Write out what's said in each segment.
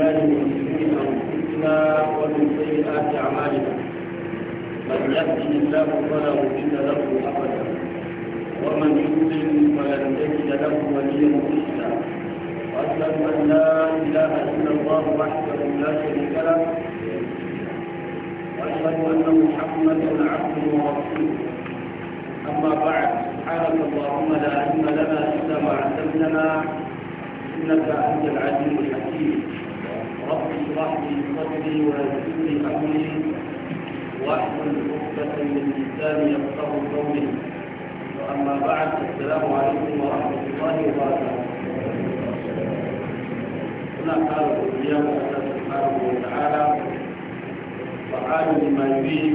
ومن سيئات أعمالنا من يهده الله فلا مضل له أبدا ومن يضلل فلن تجد له وليا مرشدا وأشهد أن لا إله إلا الله وحده لا شريك له وأشهد أن محمدا عبده ورسوله أما بعد سبحانك اللهم لا علم لنا إلا ما علمتنا إنك أنت العليم الحكيم رب اشرح لي صدري ويسر لي امري واحلل عقدة من لساني يفقه قولي واما بعد السلام عليكم ورحمة الله وبركاته هنا قال الرؤيا الله سبحانه وتعالى فعال لما يريد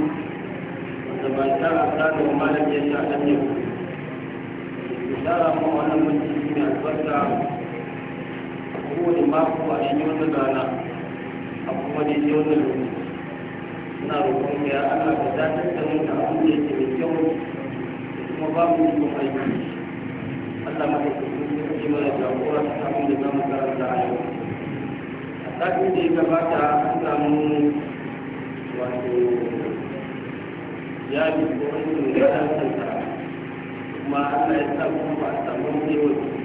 وما شاء كان وما لم يشاء لم يكن بشارة هو أن المسلمين البشر kowane mako a shi wannan rana a kuma da shi wannan lokaci suna roƙon ya ana da datar da mu da abin da yake mai kyau kuma ba mu yi aiki Allah maka kuma ya jagora ta da karanta a yau a da ya gabata an samu wato ya bi wani da ya kuma Allah ya sa kuma ba a samu wani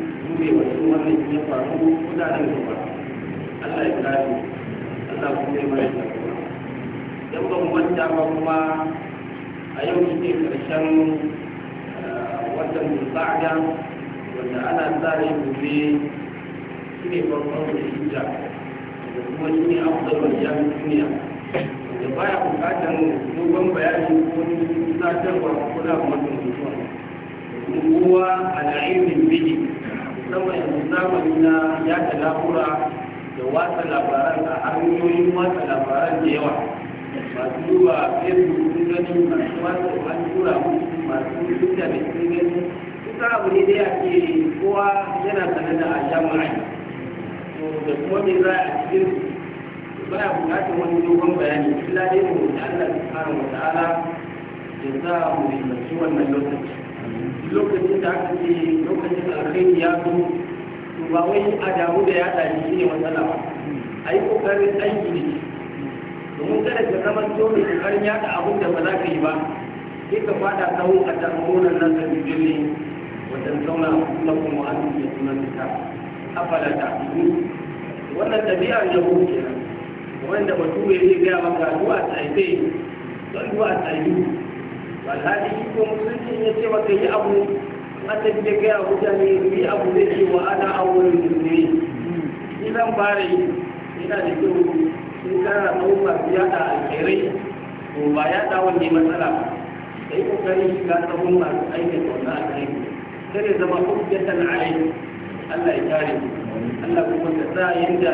kuskure ba cikin wannan ya faru da gaba Allah ya kare Allah kuma ya mara ta kuma yan ban wanda ba kuma a yau shi ne karshen eh, watan Zulqa'da wanda ana yin gobe shi ne farkon da hijja da kuma shi ne afdalul jami'in duniya da baya bukatar dogon bayani ko sadarwa da mutuwa kowa a na'imin bidi musamman yanzu zamani na ya yada labura da watsa labaran a hanyoyin watsa labaran da yawa masu duba facebook sun gani masu watsa wani tura masu twitter sun gani duka abu ne da ya ke kowa yana sanar da a sha ma'ai da kuma me za a cikin baya bukatar wani dogon bayani illa dai da wanda Allah subhanahu wa ta'ala ya sa mu yi wannan lokaci lokacin da aka ce lokacin alkhairi ya zo to ba wai a damu da ya dace shi ne matsala ba a yi kokarin aiki da shi domin kada ka zama to mai kokarin yaɗa abin da ba za ka yi ba sai ka fada tsawo a tarbonan nan da bijirle wajen zauna a kuma kuma an yi sunan ta afala ta wannan tabi'ar ya kenan wanda ya yi gaya maka zuwa tsaye don zuwa tsaye alhali shi ko musulunci ya ce maka yi abu annabi ya gaya mutane yi abu da ke wa ana awon ne ni zan fara yi ina da kyau sun kara tsawon masu yada alherai ko ba yada wanne matsala da yi kokarin shiga tsawon masu aikin wannan alheri sai ya zama hujjatan alai Allah ya kare Allah kuma ta sa yadda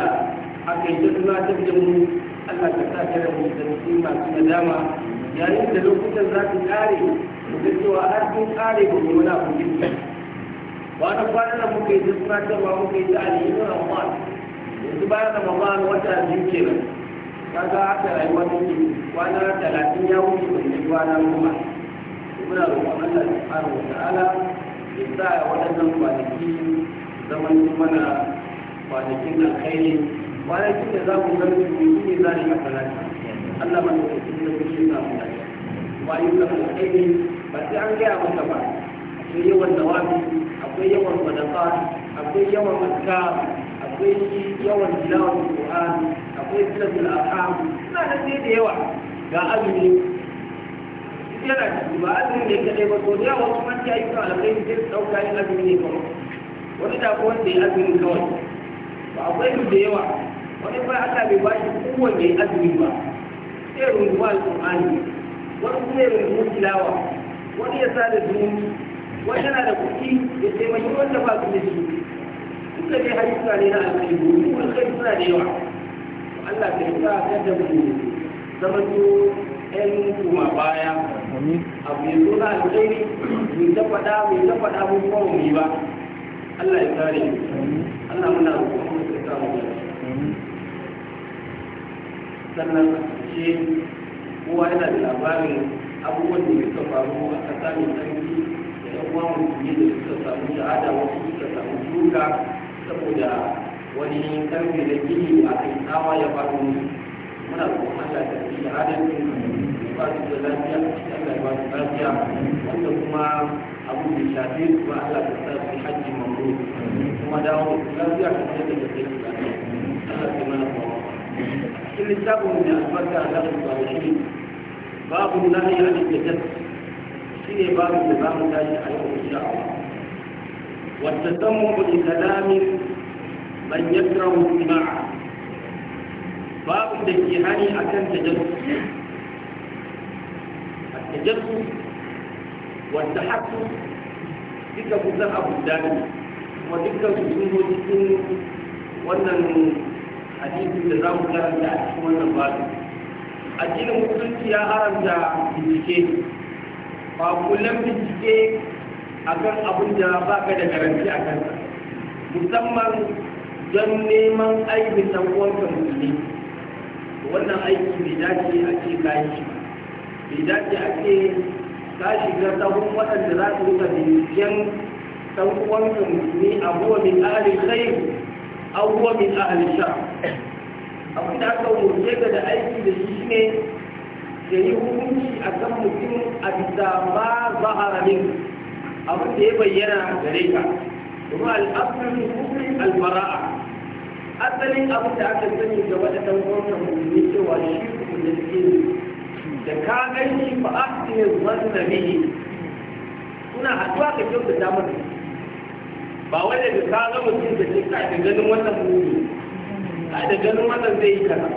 aka yi ta tunatar da mu Allah ka sa kare mu da musulma su nadama yayin da lokutan za su kare da cewa har sun kare ba mu wani abu ne ba na kwanan nan muka yi ta tunatarwa muka yi ta aliyu ramadan yanzu bayan ramadan wata biyu kenan kaga haka rayuwa ta take kwana talatin ya wuce bai yi kwana goma muna roƙon Allah subhanahu wa ta'ala ya sa waɗannan kwanaki zaman mana kwanakin alkhairi kwanakin da za mu zama su ne za ni a talata Allah ma da su da shi na mu wayu da alƙaidi ba sai an gaya maka ba akwai yawan nawabi akwai yawan sadaqa akwai yawan azkar akwai yawan tilawar Qur'an akwai tilawatul arham suna da sai da yawa ga azumi yana ciki ba azumi ne kadai ba to da yawa kuma ta yi kan alƙaidi sai su dauka yin azumi ne kawai wani da ko wanda ya azumi kawai ba akwai da yawa wani ba Allah bai ba shi kowanne azumi ba ya runguma alƙur'ani wani kuma ya runguma wani ya wani yana da kuɗi ya taimaki wanda ba su da shi ne na alƙari wani kai suna da yawa Allah yi mu zama to kuma baya abu ya zo na alƙairi kuma mu yi ba Allah ya kare Allah muna roƙon mu ta samu sannan ce kowa yana da labarin abubuwan da suka faru a ƙasa mai tsarki da yan uwa musulmi da suka samu shahada wasu suka samu duka saboda wani karfe da gini a kan tsawa ya faru ne muna kuma Allah ta yi shahadar su ba su da lafiya a cikin Allah ba su lafiya wanda kuma abu da shafi su ba Allah ta sa su hajji mamu kuma dawo lafiya kuma yadda ta ke Allah ta mana kuma cikin littafin da albarka a zafin ba shi na yi a cikin jan shi ne babu da za mu a yau insha Allah wata sammu da ke akan التجسس والتحكم duka kusan abu dami kuma dukkan su cikin wannan hadisin da za mu karanta a cikin wannan babu addinin musulunci ya haramta bincike ba kullum bincike kan abin da ba ka da garanti a kansa musamman don neman aibin ta uwanka musulmi wannan aiki bai dace a ce kashi shi bai dace a ce ka shiga sahun waɗanda za su rika binciken ɗan uwanka musulmi abuwa min ahalin khair abuwa min ahalin shar abin da aka wuce ga da aiki da shi ne ya yi hukunci a kan mutum a bisa ba a ramin abin da ya bayyana gare ka kuma al'abdul hukumin albara'a asalin abin da aka sani da wata tangon da cewa shi kuma da suke da ka gani ne ahsinu zanna ne, suna haɗuwa ka kyau da damar ba wanda da ka ga mutum da ke ka ganin wannan muni a da ganin wannan zai yi kana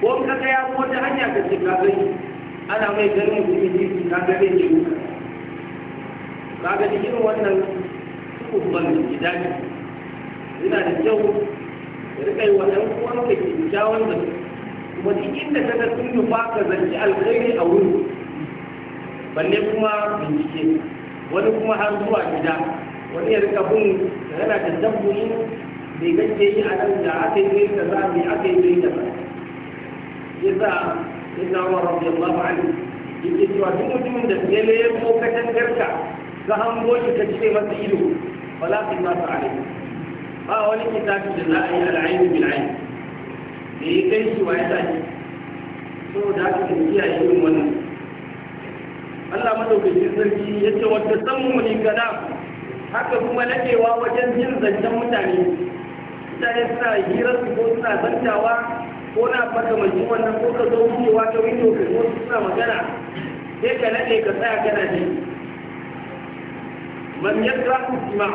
ko ka ka ya ko ta hanya ka ce ka gani ana mai ganin mutumin jiki ka ga zai yi ka ga irin wannan kubban gidaje yana da kyau da rika yi wa ɗan uwan ka ke kyawun da kuma duk inda ka ga sun yi baka zanci alkhairi a wurin balle kuma bincike wani kuma har zuwa gida wani ya rika bin yana da dabbobi me ke yi a nan da aka yi da za yi aka yi da ba yasa inna wa radiyallahu ne, yake cewa duk mutumin da ya laye ko katangarka ka hango shi ka cire masa ido wala fi ma fa alaihi ba wani kitabi da za a yi al'ainu bil ain me ya kai shi wa ya sa tashi so da aka kiyaye irin wannan Allah madaukakin sarki ya ce wata sammu ne kana haka kuma nadewa wajen jin zancen mutane mutane suna hirar su ko suna zantawa ko na fata mai wannan ko ka zo wucewa ta wito ka zo suna magana sai ka nade ka tsaya kana ji man yadda ku jima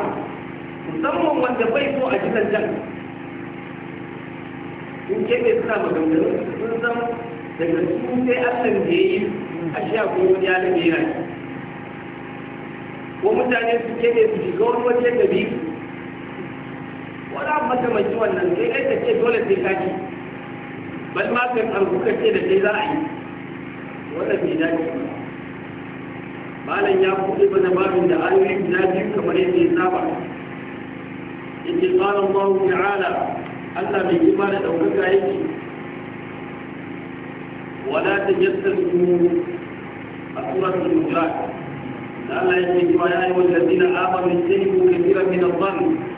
musamman wanda bai so a jikan jan in kebe suna maganganu sun san daga su sai Allah da ya yi a shi ko wani ya da ko mutane su bai su shiga wani wajen da biyu wani abu makamanci wannan sai kai ka ce dole sai ka ji bal ma an buka ce da sai za a yi wannan bai dace malam ya kuɗi mana babin da ayoyi guda biyu kamar yadda ya saba in ji tsarin bawu ta'ala Allah mai yi da ɗaukaka yake wala ta yasta su a suratul mujahid Allah ce cewa ya ayyuhal ladina amanu ko kathiran min adh-dhanni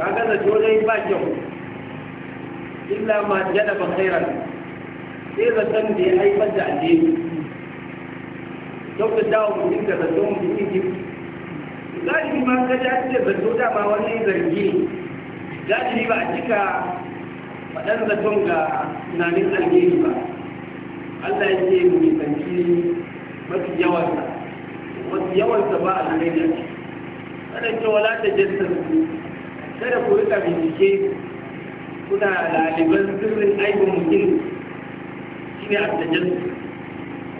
kaga ga da jolai ba kyau illa ma jada ba khairan sai zaton da ya haifar da alheri da dawo mutum da zaton mutum ne galibi ma ka ja ce zato dama wani zargi galibi ba a cika faɗan zaton ga tunanin alheri ba Allah ya ce mu nisanci mafi yawansa mafi yawansa ba alheri kada ce wala ta jaddasa kada ku rika bincike kuna laliban sirrin aibin mutum shi ne a tajjan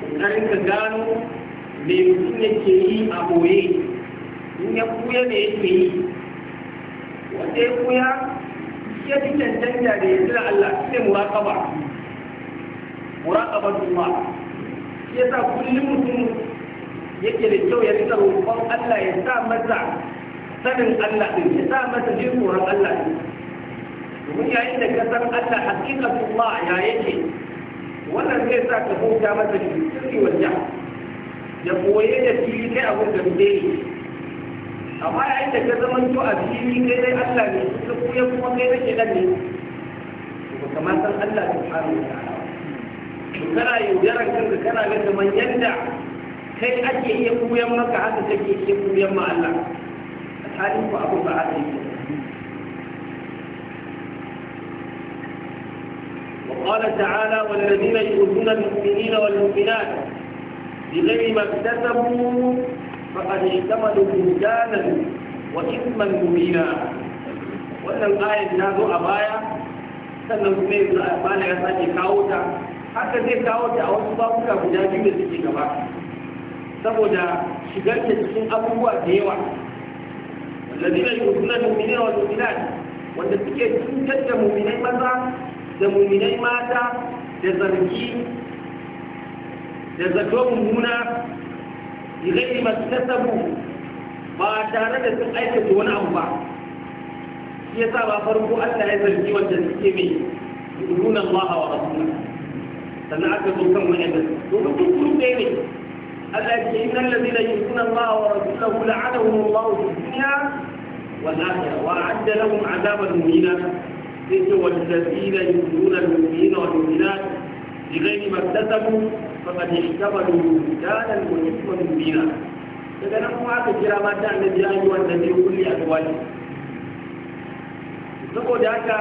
ƙoƙarin ka gano me mutum yake yi a ɓoye in ya kuya me yake yi wanda ya kuya ya fi cancanta da ya tsira Allah shi ne muraƙaba muraƙaba kuma shi ya sa kullum mutum yake da kyau ya rika roƙon Allah ya sa masa sanin Allah ɗin ya sa masa jin tsoron Allah ɗin. domin yayin da ka san Allah a ya yake wannan zai sa ka bauta masa shi sirri wanda ya koye da fili kai abin da muke yi amma yayin da ka zama to a fili kai dai Allah ne ka koye kuma kai da ke ne ba kamar san Allah subhanahu wa ta'ala kana yaudaran kanka kana ga kamar yadda kai ake iya kuyan maka haka kake iya kuyan ma Allah halin ku abu ba haka yake وقال تعالى والذين يؤذون المؤمنين والمؤمنات بغير ما اكتسبوا فقد احتملوا بهتانا واثما مبينا wannan ayin na zo a baya sannan kuma yanzu a ya sake kawo ta haka zai kawo ta a wasu babuka guda biyu da suke gaba saboda shigar ta cikin abubuwa da yawa lazina yuzuna mu'minina wal mu'minat wanda suke cutar da mu'minai maza da mu'minai mata da zargi da zato mummuna bi masu maktasabu ba tare da sun aiki aikata wani abu ba shi yasa ba farko Allah ya zargi wanda suke mai yuzuna Allah wa rasulahu sannan aka zo kan wani da domin duk kun ne ne Allah ya ce innal ladina yusuna Allah wa rasulahu la'anahum Allah fi dunya والآخرة وأعد لهم عذابا مهينا إذ والذين يؤذون المؤمنين والمؤمنات بغير ما اكتسبوا فقد احتملوا بهتانا وإثما مبينا daga nan kuma aka kira mata annabi ya yi wanda zai kulle a haka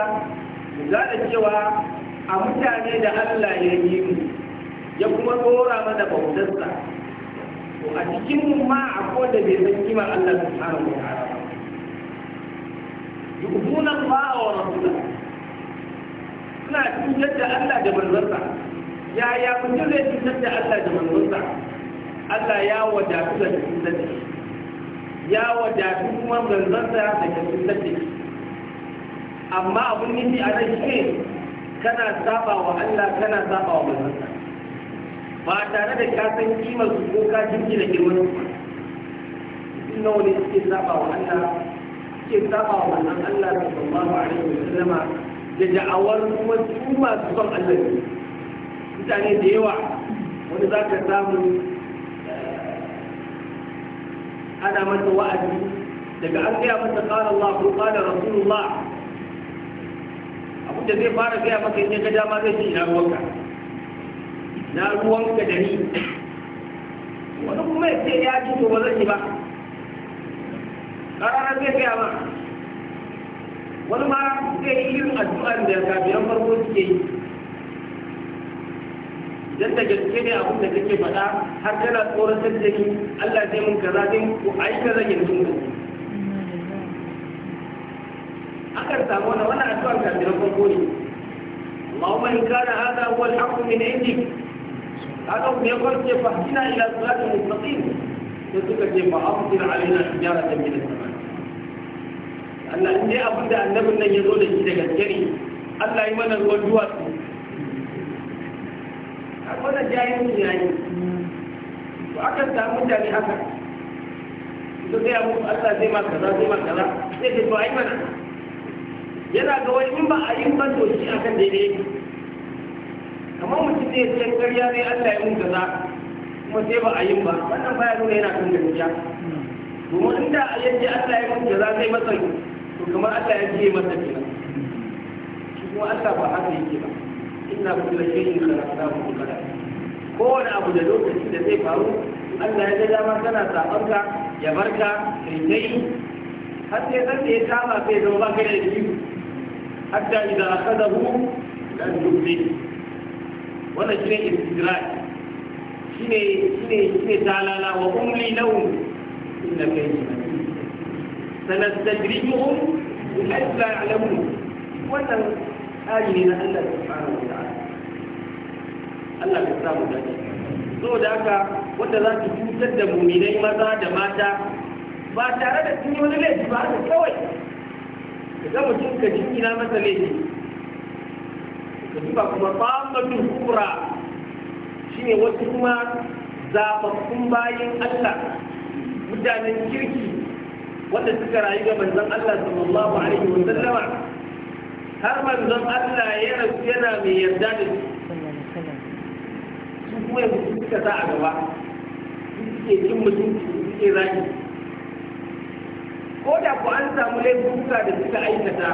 za da cewa a mutane da Allah ya yi mu ya kuma tsora mana bautarsa to a cikin mu ma akwai da bai san kimar Allah subhanahu wa ta'ala يؤذون الله ورسوله suna cutar da Allah da manzansa yaya mutum zai cutar da Allah da manzansa Allah ya wadatu da cutar da ya wadatu kuma manzansa da amma abun nufi a nan shi kana saba wa Allah kana saba wa manzansa ba tare da ka san kimar ko ka jinki da girman su nawa ne suke saba wa Allah suke saba wa wannan Allah sallallahu alaihi wa sallama da da'awar kuma su masu son Allah ne mutane da yawa wani za ka samu eh, ana masa wa'azi daga an gaya masa qala Allah ko qala Rasulullah abu da zai fara gaya maka in ga dama zai ci na ruwanka na ruwanka da ni wani kuma ya ce ya ci to ba zan yi ba a ranar zai gaya ba wani ma zai yi irin addu'ar da kafiran farko suke yi Idan da gaske ne abin da kake faɗa har kana tsoratar da ni Allah zai mun kaza din ko ai kaza yanzu mun akan samu wannan wannan addu'ar kafiran farko ne اللهم إن كان هذا هو الحق من عندك هذا من يقول فاهدنا إلى صراط المستقيم فسكت فأمطر علينا حجارة da السماء Allah ne abin da annabin nan ya zo da shi daga gari Allah yi mana ruwan duwatsu a wannan jayin mutum ya yi to aka samu mutane haka to sai muku Allah zai ma kaza zai ma kaza sai ce to ayi mana yana ga wani in ba a yi ba to shi akan daidai yake kamar mutum zai ce ƙarya ne Allah ya mun kaza kuma sai ba a yi ba wannan baya nuna yana kan gaskiya domin inda a yadda Allah ya mun kaza sai masa to kamar Allah ya biye masa kenan kuma Allah ba haka yake ba inna kullu shay'in khalaqnahu bi qadar kowane abu da lokaci da zai faru Allah ya ga dama kana saban ya barka kai kai har sai san da ya kama sai zama ba kai da shi hatta idan akhadahu lan yubdi wannan shine istidrak shine shine shine talala wa umli lahum inna kayfa sanastadrijuhum hatta ya'lamun wannan tsari ne na Allah subhanahu wa ta'ala Allah ya samu dace saboda haka wanda za su cutar da muminai maza da mata ba tare da sun yi wani laifi ba haka kawai ka ga mutum ka ina masa laifi ka duba kuma tsamatun kura shi ne wasu kuma zaɓaɓɓun bayan Allah mutanen kirki wanda suka rayu ga manzon Allah sallallahu alaihi wa sallama har manzon Allah ya rasu yana mai yarda da su kuma yanzu suka sa a gaba suke cin mutunci suke zaki ko da ku an samu laifuka da suka aikata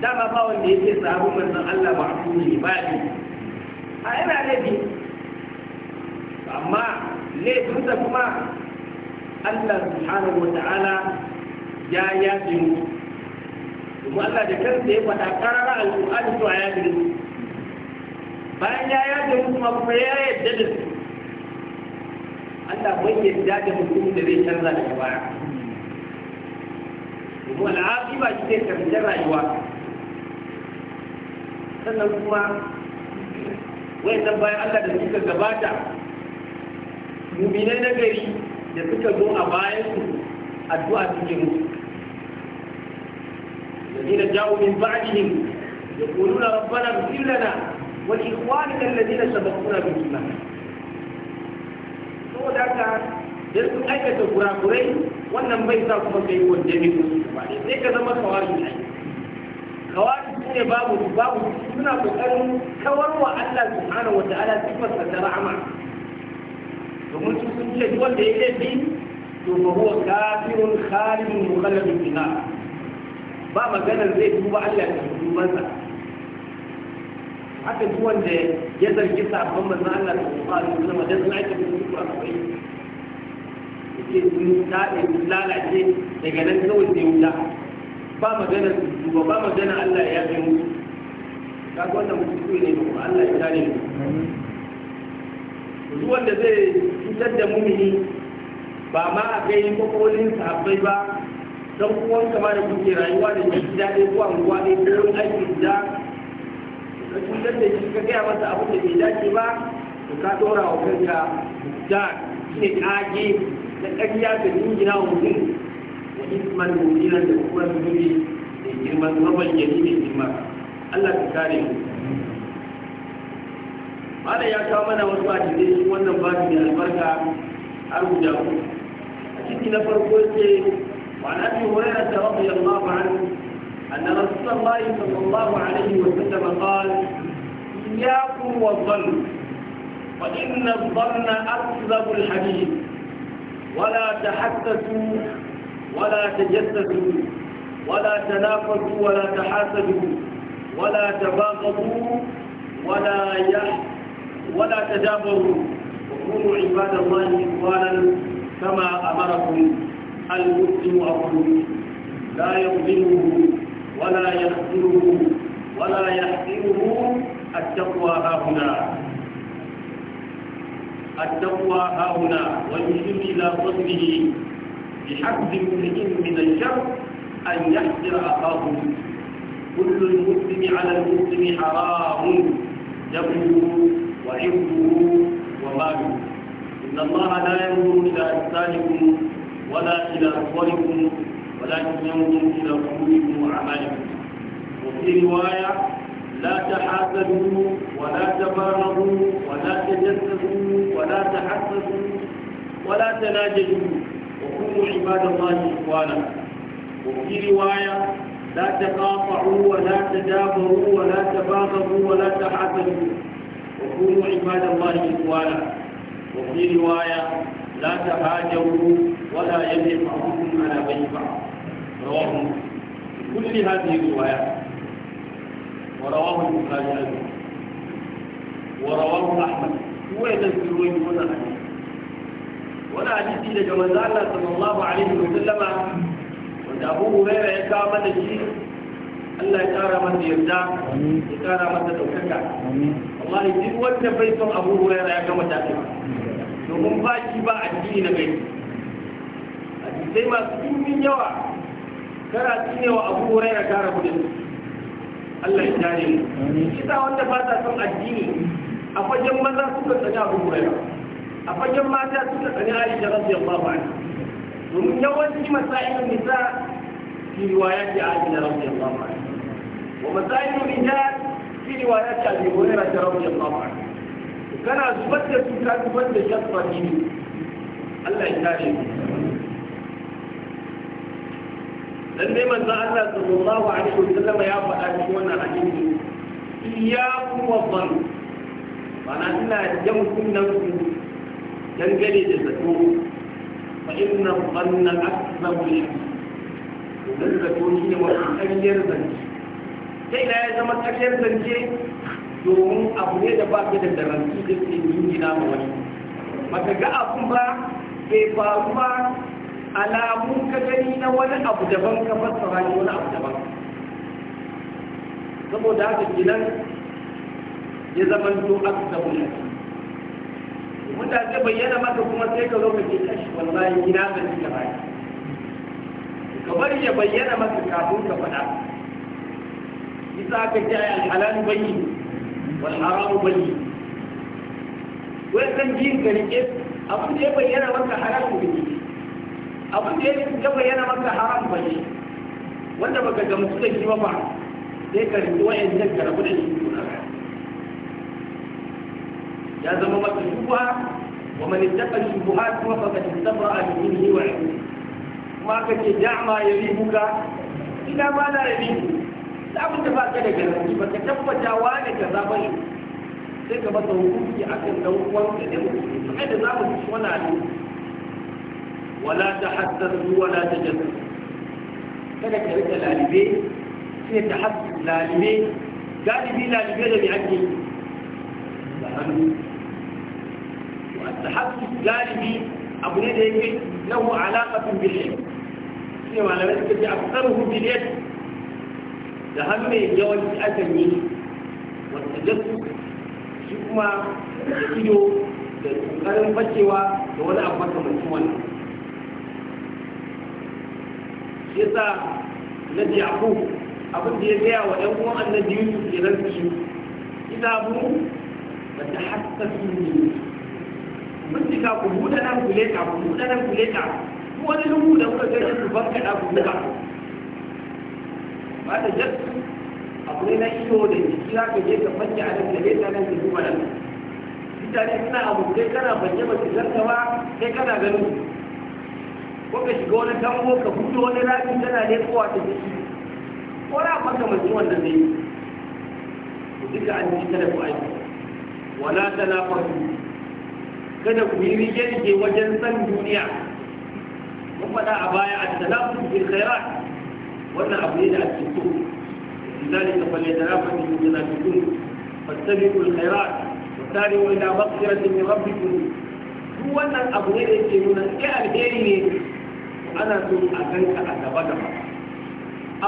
dama ba wanda yake sahabin manzon Allah ba su ne ba a yana laifi amma laifinsa kuma Allah subhanahu ta'ala ya yafe mu kuma Allah da kansa ya faɗa karara al-Qur'ani to a yafe mu bayan ya yafe mu kuma kuma ya yadda da su Allah bai yadda da mutum da zai canza daga baya kuma al'aqiba shi zai karshen rayuwa sannan kuma nan bayan Allah da suka gabata mu'minai na gari da suka zo a bayan su addu'a suke musu الذين جاءوا من بعدهم يقولون ربنا اغفر لنا ولإخواننا الذين سبقونا بالإيمان saboda haka da sun aikata kurakurai wannan bai sa kuma kai wanda ne musu ba ne sai ka zama kawari ne kawari su ne babu babu suna kokarin kawar wa Allah ta rahama domin kulle shi wanda ya laifi to ba huwa kafirun khalidun mukhalladun fina ba maganar zai tuba Allah ya haka duk wanda ya zargi sabon manzon Allah sallallahu alaihi wasallam da sun aika musu kuma akwai yake sun dade lalace daga nan kawai sai wuta ba magana su, ba magana Allah ya yi Ka kaga wannan mutum ne ba Allah ya tare mu duk wanda zai cutar da mumini ba ma a kai kwakwolin sahabbai ba don kuwan kama da kuke rayuwa da shi ɗaya ko anguwa ɗaya, ko yin aiki da ka cutar da shi ka gaya masa abin da bai dace ba to ka ɗora wa kanka da shi ne ƙage na ƙarya ga jingina wa mutum da isman nan da kuma zubi da girman mabayyani da girma Allah ka kare mu mana ya kawo mana wasu hadisai shi wannan babu mai albarka har guda a ciki na farko ce wa na bi hurairar da rabu yamma ba an anna rasulullahi sallallahu alaihi wa sallam qala iyyakum wa dhann fa inna dhanna akdhabu alhadith ولا تحسسوا ولا تجسسوا ولا تنافسوا ولا تحاسدوا ولا تباغضوا ولا يحسدوا ولا تدابروا وكونوا عباد الله إخوانا كما أمركم المسلم أخوه لا يظلمه ولا يخذله ولا يحقره التقوى ها هنا التقوى ها هنا ويشير إلى صدره بحق امرئ من الشر أن يحقر أخاه كل المسلم على المسلم حرام يبلغ وعبده وماله إن الله لا ينظر إلى أجسادكم ولا إلى صوركم ولكن ينظر إلى قلوبكم وأعمالكم وفي رواية لا تحاسدوا ولا تباغضوا ولا تجسسوا ولا تحسسوا ولا تناجدوا وكونوا عباد الله إخوانا وفي رواية لا تقاطعوا ولا تدابروا ولا تباغضوا ولا تحاسدوا كونوا عباد الله إخوانا وفي رواية لا تهاجروا ولا يجب بعضكم على بيت بعض رواه كل هذه الروايات ورواه البخاري أيضا ورواه أحمد هو يذكرون هنا الحديث wani hadisi daga manzo Allah sallallahu alaihi wa sallama wanda Abu Hurairah ya kawo mana shi Allah ya kara masa yarda ya kara masa daukaka wallahi duk wanda bai son abu hurairah ya gama tafi domin ba shi ba addini na gaibi sai masu dimbin yawa kana tsinewa abu hurairah ta rabu da Allah ya tare mu kisa wanda ba ta son addini a fagen maza suka tsani abu hurairah a fagen mata suka tsani Aisha radiyallahu anha domin yawanci masailun nisa fi riwayati Aisha radiyallahu anha wa Masayin nisa. في روايات أبي هريرة رضي الله عنه كان da كان زبد شطر ديني الله يكرم dan dai manzo Allah sallallahu alaihi wasallam ya faɗa cikin wannan hadisi iyyakum wa dhann bana ina jan kunnan ku dangane da zato fa inna dhanna akthar min dan zato shine mafi ƙaryar zance sai na ya zama tsakiyar zance domin abu ne da ba da garanti da ke jingina ma wani maka ga abun ba bai faru ba alamun ka gani na wani abu daban ka fassara ne wani abu daban saboda haka gidan ya zama to aka zama ne mutane bayyana maka kuma sai ka zo ka ce kashi wallahi gina da shi ka bari ka ya bayyana maka kafin ka faɗa isa ka ji ayi halal bayyi wal haram bayyi wannan jin ka rike abin da ya bayyana maka halal bayyi abin da ya bayyana maka haram bayyi wanda baka gamsu da shi ba ba sai ka rike wayan nan ka rabu da shi ya zama maka shubha wa man ittaqa shubuhat wa faqad istabra min dinihi wa 'irdihi ma kace da'ma yalibuka ila ma la yalibuka abin da ba ka da garanti ba ka tabbata wani ka za bai sai ka masa hukunci a kan dan uwanka da mutum to ai da za mu ci wani abu wala ta haddasu wala ta jasu kada ka rika lalibe sai ta haddasu lalibe galibi lalibe da mai ake da hannu to at-tahassus galibi abu ne da yake lahu alaqatun bil ilm sai malamai suka ce aktaruhu bil yad da har mai yawanci akan yi wata jasu shi kuma da ido da ƙoƙarin bacewa da wani abu makamancin wannan shi yasa na jaku abin da ya gaya wa ɗan uwan annabi yusuf ke rantsa shi ina mu ba ta su ne ka ku buɗe nan ku leƙa ku buɗe nan ku leƙa wani lungu da kuka gani ku banka da ku leƙa ba da jasu akwai na ido da jiki za ka je ka fanke a nan da ne nan da duba nan mutane suna abu sai kana banje ba su zarta ba sai kana ganin ko ka shiga wani tango ka fito wani rami tana ne kowa ta jiki ko na maka mutum wannan zai duka an ji kada ku aiki wala ta na fasu kada ku yi rige-rige wajen san duniya mun faɗa a baya a tanafu bil khairat wannan abu ne da ake so لذلك فليتنافس المتنافسون فاتبقوا الخيرات وسارعوا الى مغفرة من ربكم duk wannan abu ne da yake nuna sai alheri ne ana so a ganka a gaba gaba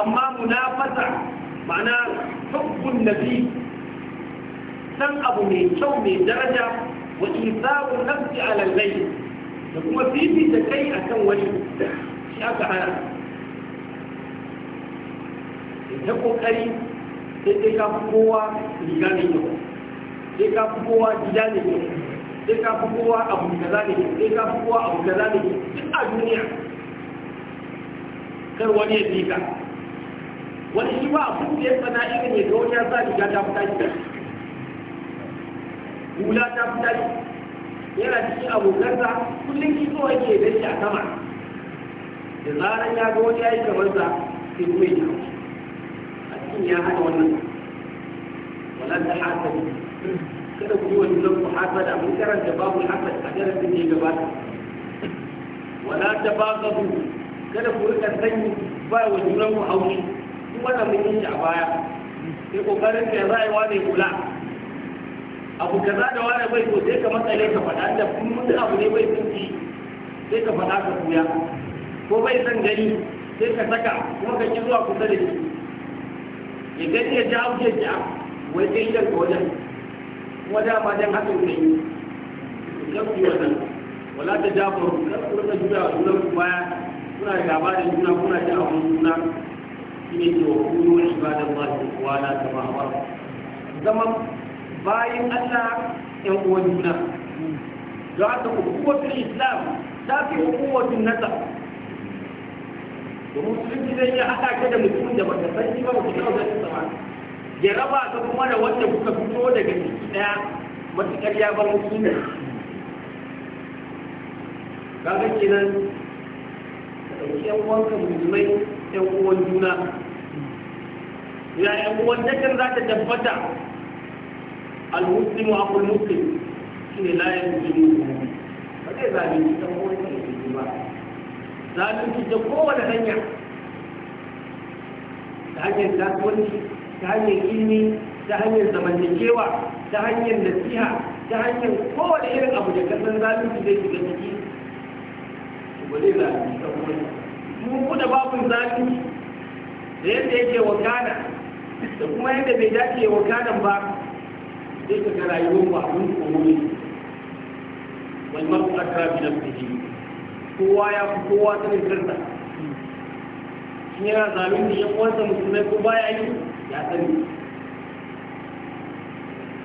amma munafasa ma'ana hubbun nabi san abu mai kyau mai daraja wa isabu nafsi da kuma fifita kai akan wani shi aka hana ta kokari sai sai ka fi kowa riga ne yau sai ka fi kowa gida ne yau sai ka fi kowa abu kaza ne sai ka fi kowa abu kaza ne duk a duniya kar wani ya fika wani shi ba abu da ya sana irin ya ga wani ya sa riga ta fita shi hula ta fita shi yana cikin abokansa kullum shi so ke da shi a sama da zaran ya ga wani ya yi kamar sa sai kuma ya hadisin ya hada wannan wala ta hasadi kada ku yi wa junan ku hasada mun karanta babu hasad a darasin ne gabata wala ta bagadu kada ku rika sanyi ba wa junan ku haushi duk wannan mun yi a baya sai kokarin ka za a yi kula abu kaza da wane bai so sai ka matsale ka faɗa da mutu abu ne bai sun ci sai ka faɗa ka kuya ko bai san gani sai ka saka kuma ka ki zuwa kusa da shi idan ya ja wuce ja wai sai da wajen kuma dama dan hakan kai gafi wannan wala ta ba kar ku rika juya junan ku baya kuna gaba da juna kuna ji a wani juna shine ke wa kuno ibadan ba su kuwa na kama a zama bayan Allah yan uwan juna don haka hukumatul islam ta fi hukumatul nasar domin musulunci zai iya haɗa ka da mutum da ba san shi ba baka taɓa ganin sama ya raba ka kuma da wanda kuka fito daga ciki ɗaya matuƙar ya bar musulunci kaga kenan ka ɗauki ƴan uwanka musulmai ƴan uwan juna ya ƴan uwan dakar za ta tabbata al-muslimu aqul muslim ne la yanzu ba zai zalunci ɗan da musulmi ba zalunci da kowane hanya ta hanyar kasuwanci ta hanyar ilimi ta hanyar zamantakewa ta hanyar nasiha ta hanyar kowane irin abu da kasar zalunci zai shiga ciki ba zai zalunci ta kuma mu kuda babu zalunci da yadda yake wakana da kuma yadda bai dace wakanan ba sai ka ga rayuwar ba mun koyo ne wal mar'a ka bi nafsihi kowa ya fi kowa sanin kansa shi yana zamin da yan uwansa musulmai ko baya yi ya sani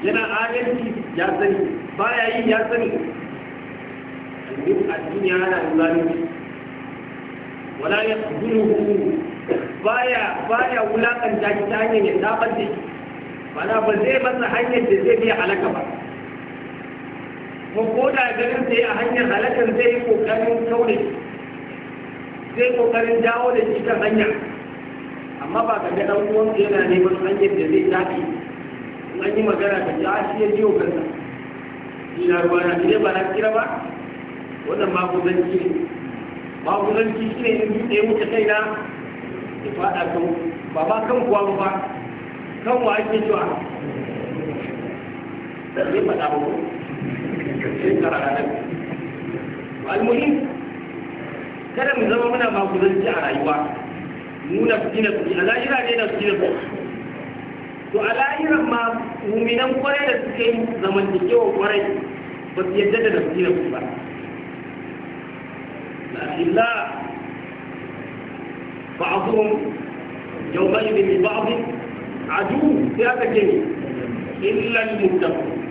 yana adalci ya sani baya yi ya sani duk addini ya hana zalunci wala ya zuluhu baya baya wulakanta shi ta hanyar ya tabar da shi ba zai masa hanyar da zai biya halaka ba mu koda ganin sai a hanyar halakar zai yi kokarin kaure zai kokarin dawo da shi kan hanya amma ba ka ga ɗan uwan yana neman hanyar da zai tafi in an yi magana da ji ah, shi ya jiyo kansa ina ruwa na ne ba na kira ba wannan maguzanci ne maguzanci shi ne in buɗe wuce kai na ya faɗa kan ba ba kan kuwa ba kan wa ake cewa zai faɗa ba almuhim kada mu zama muna makudanci a rayuwa nuna fitina fitina lahira ne da fitina to a lahiran ma muminan kwarai da suke yi zamantakewa kwarai ba su yadda da fitina ba illa بعضهم يومئذ لبعض عدو في هذا الجميع إلا المتقون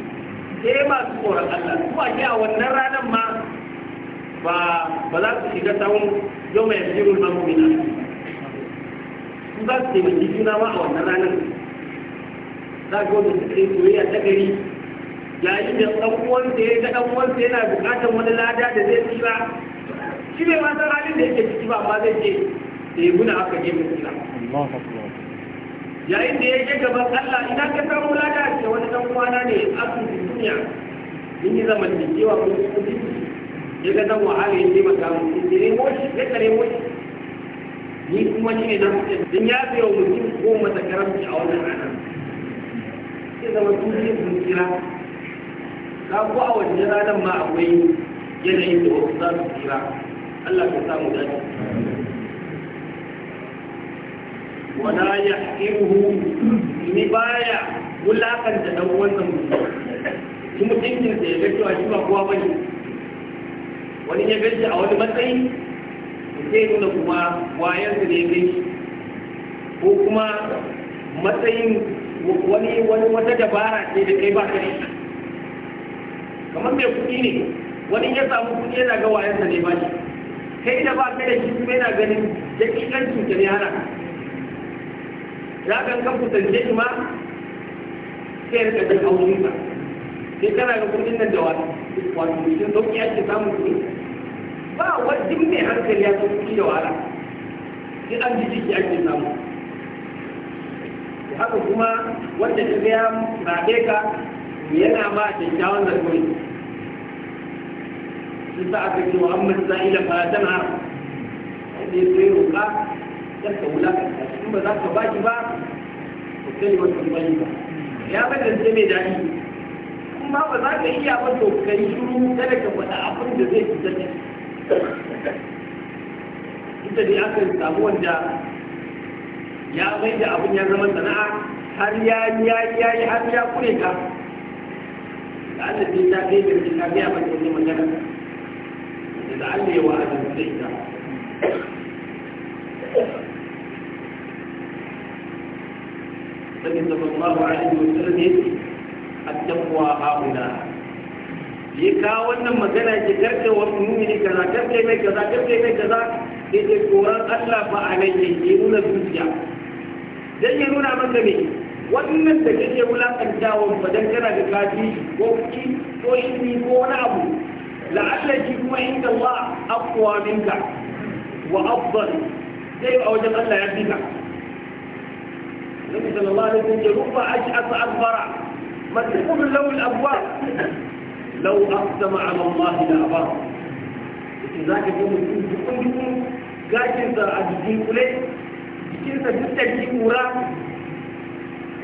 sai masu tsoron Allah su ba a wannan ranar ma ba za su shiga tsawon yau mai yanzu yasiru mamu mina su za su taimaki juna ma a wannan ranar za ga wata suka yi soyayya ta gari yayin da ɗan uwansa ya ga ɗan uwansa yana buƙatar wani lada da zai tsira shi ne ma san halin da yake ciki ba amma zai ce da eh, ya guna haka gefen tsira yayin da ya gaban Allah idan ka samu lada ce wani dan kwana ne a cikin duniya in yi zaman da kewa ko kudi ya ga dan wahala ya taimaka mu ne mu shi ka kare mu ni kuma ni ne na mutum din ya biyo mutum ko karam karamci a wannan ranar sai zama duniya sun kira ka ko a wajen ranar ma akwai yanayin da wasu za su kira Allah ka samu dace wala ya haƙiƙuhu ni baya da dan wannan mutum kuma mutuncin da ya gaci cewa shi ba kowa bane wani ya gaci a wani matsayi sai nuna kuma da ne ya ko kuma matsayin wani wani wata dabara ce da kai ba ka ne kamar mai kuɗi ne wani ya samu kuɗi yana ga wayansa ne ba shi kai da ba ka da shi kuma yana ganin dakikan cutar ya hana za ka kan kusance shi ma sai ka jin aure ba. sai kana ga kudin nan da wato wato shi sauki ake samun kuɗi ba wajen mai hankali ya san kuɗi da wahala sai an ji jiki ake samu haka kuma wanda ta gaya ya rabe ka yana ma kyakkyawan zargoni shi sa aka ce wa amma za'ila fara tana da ya sai roƙa karka wulakanta in ba za ka ba ki ba ku kai wata bai ba ya kasance mai daɗi kuma ba za ka iya ba to ka yi shiru kada ka faɗa abin da zai fita ne ita dai aka samu wanda ya mai da abin ya zama sana'a har ya ya ya ya har ya kure ka da Allah sai ta kai da ta ga ba ta magana da Allah ya wa'ada da ita النبي صلى الله عليه وسلم التقوى هؤلاء ya kawo wannan magana ya karke wa mumini kaza karke mai kaza karke mai kaza ya ce tsoron Allah ba a nan ya nuna zuciya ya nuna maka ne wannan da kake wulakantawa ba dan kana da kafi ko ki ko ilmi ko wani abu la'alla ki kuma inda Allah aqwa minka wa afdal sai a wajen Allah ya fi النبي صلى الله عليه وسلم يقول أجأس أكبر مكتوب له الأبواب لو أقسم على الله لأبره ذاك يوم يكون يكون gashin sa a jikin kule jikin sa duk da jikin kura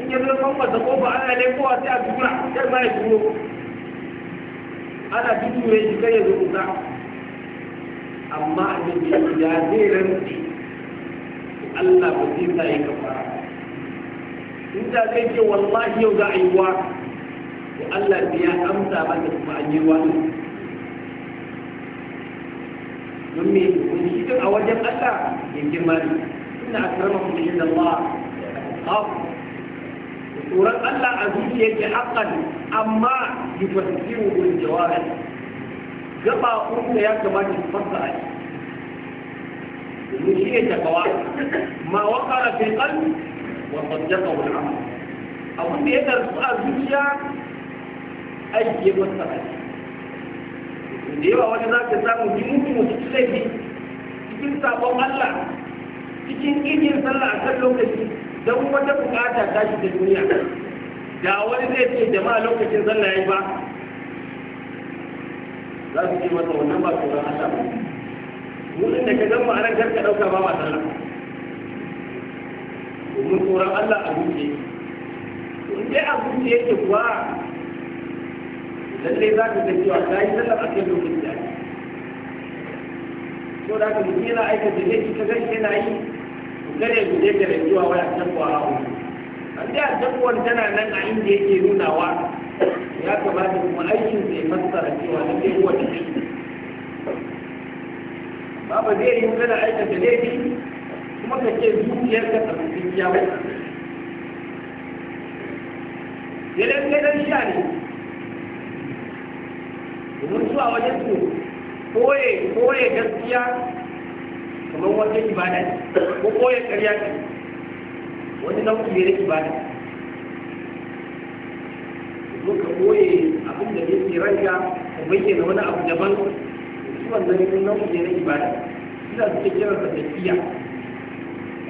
in yanzu da famfa da kofa ana lekowa sai a dubura sai ma ya duro ana dubure shi kai ya zo amma a jikin ya zai Allah ba zai sa ya in da kai ce wallahi yau za a yi wa da Allah ne ya amsa ba da kuma an yi wa don me kun shi a wajen Allah ya girma ne ina akrama kun shi da Allah hafu tsoron Allah a zuciya ke haƙan amma yi fasiru wurin jawabin gaba kuma ya kamata su fasa a shi domin shi ne takawa ma wakara fi ƙalbi wani وصدقه العمل أقول لي أن السؤال زوجيا أي والسبب da yawa wani za ka samu ji mutum wasu laifi cikin sabon Allah cikin ƙiƙin sallah a kan lokaci don wata bukata ta shi da duniya da wani zai ce jama'a lokacin sallah ya yi ba za su ce masa wannan ba tsoron Allah ba mu da ka zama a nan karka ɗauka ba ma sallah jin tsoron Allah a zuciya in dai a zuciya yake kuwa lalle za ka ga cewa ta yi sallar a kan lokacin da ko da haka mutum yana aikata laifi ka gan yana yi gare mu je gare zuwa waya takwa a hu an da takwan tana nan a inda yake nunawa ya kamata kuma aikin sai fassara cewa na kai wata shi ba ba zai yi kana aikata laifi kuma ka ce zuciyar ka ta zuciya ba idan kai dan sha ne domin zuwa wajen su koye koye gaskiya kamar wajen ibada ne ko koye karya ne wani nau'i ne na ibada zo ka koye abin da yake ranka ka bayyana wani abu daban shi wannan nau'i ne na ibada suna suke kiransa tafiya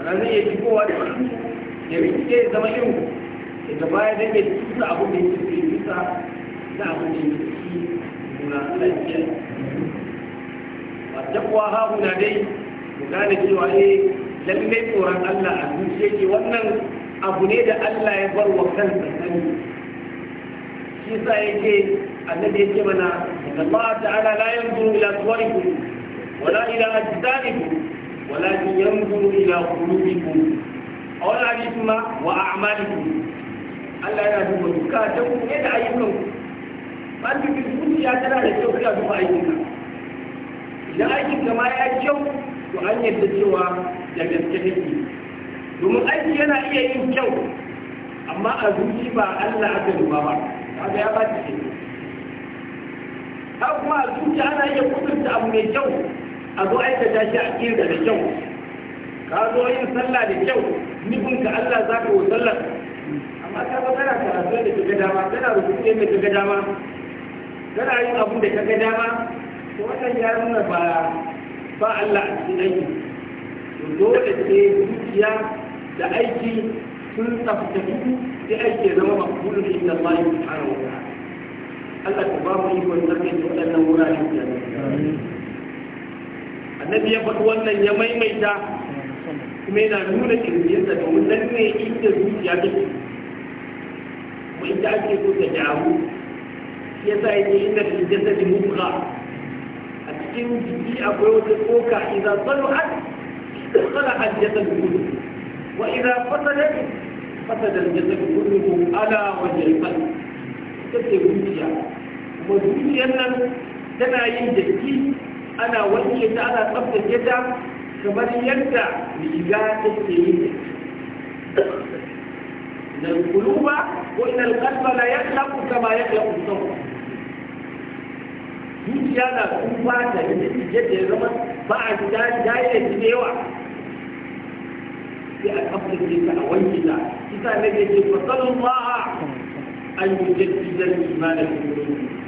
mana ya iya kowa da shi ya rike da zama yau daga baya zai mai tusa abin da ya sai bisa da abin da yake ci muna lafiya a takwa ha muna dai mu gane cewa ne eh, lalle tsoron Allah a zuciya ke wannan abu ne da Allah ya bar wa kansa sani shi sa yake annabi yake mana Allah ta'ala la yanzuru ila suwarikum wala ila ajdadikum ولكن ينظر إلى قلوبكم أولا عليكم وأعمالكم Allah yana duba duka ta ku ne da ayyukan ba su bi tana da kyau kana duba ayyuka idan aikin da ma ya kyau to an yadda cewa da gaske take domin aiki yana iya yin kyau amma a zuci ba Allah aka duba ba kaga ya ba ta ce kuma a zuciya ana iya kudurta abu mai kyau abu zo aikata shi a ƙirga da kyau ka zo yin sallah da kyau nufin ka Allah za ka wa sallar amma ka ba kana karatu da kaga dama kana rubutu da kaga dama kana yin abu da kaga dama to wannan ya nuna ba ba Allah a cikin aiki to dole sai zuciya da aiki sun tsaftace sai aiki ya zama maqbulun inda Allah subhanahu wa ta'ala Allah ta ba mu kai tsarkin waɗannan wuraren da annabi ya faɗi wannan ya maimaita kuma yana nuna kirjiyarsa domin nan ne inda zuciya ta take kuma inda ake so ta jawo shi ya sa yake inda kirjiyarsa ta mutuwa a cikin jiki akwai wata tsoka idan salu'at salu'at a ta mutuwa wa idan fasadat فسد الجسد كله على وجه ta تتي zuciya kuma zuciyar nan tana yin jiki ana wanke ta ana tsaftace ta kamar yadda riga take yi na kuluba ko ina alƙalba la yaklaku kama yaklaku sau zuciya na kuma ta yi yadda ya zama ba a gida jaye da yawa sai a tsaftace ta a wanke ta isa ne ke ce fasalin ma'a an yi jaddidan imanin kulubi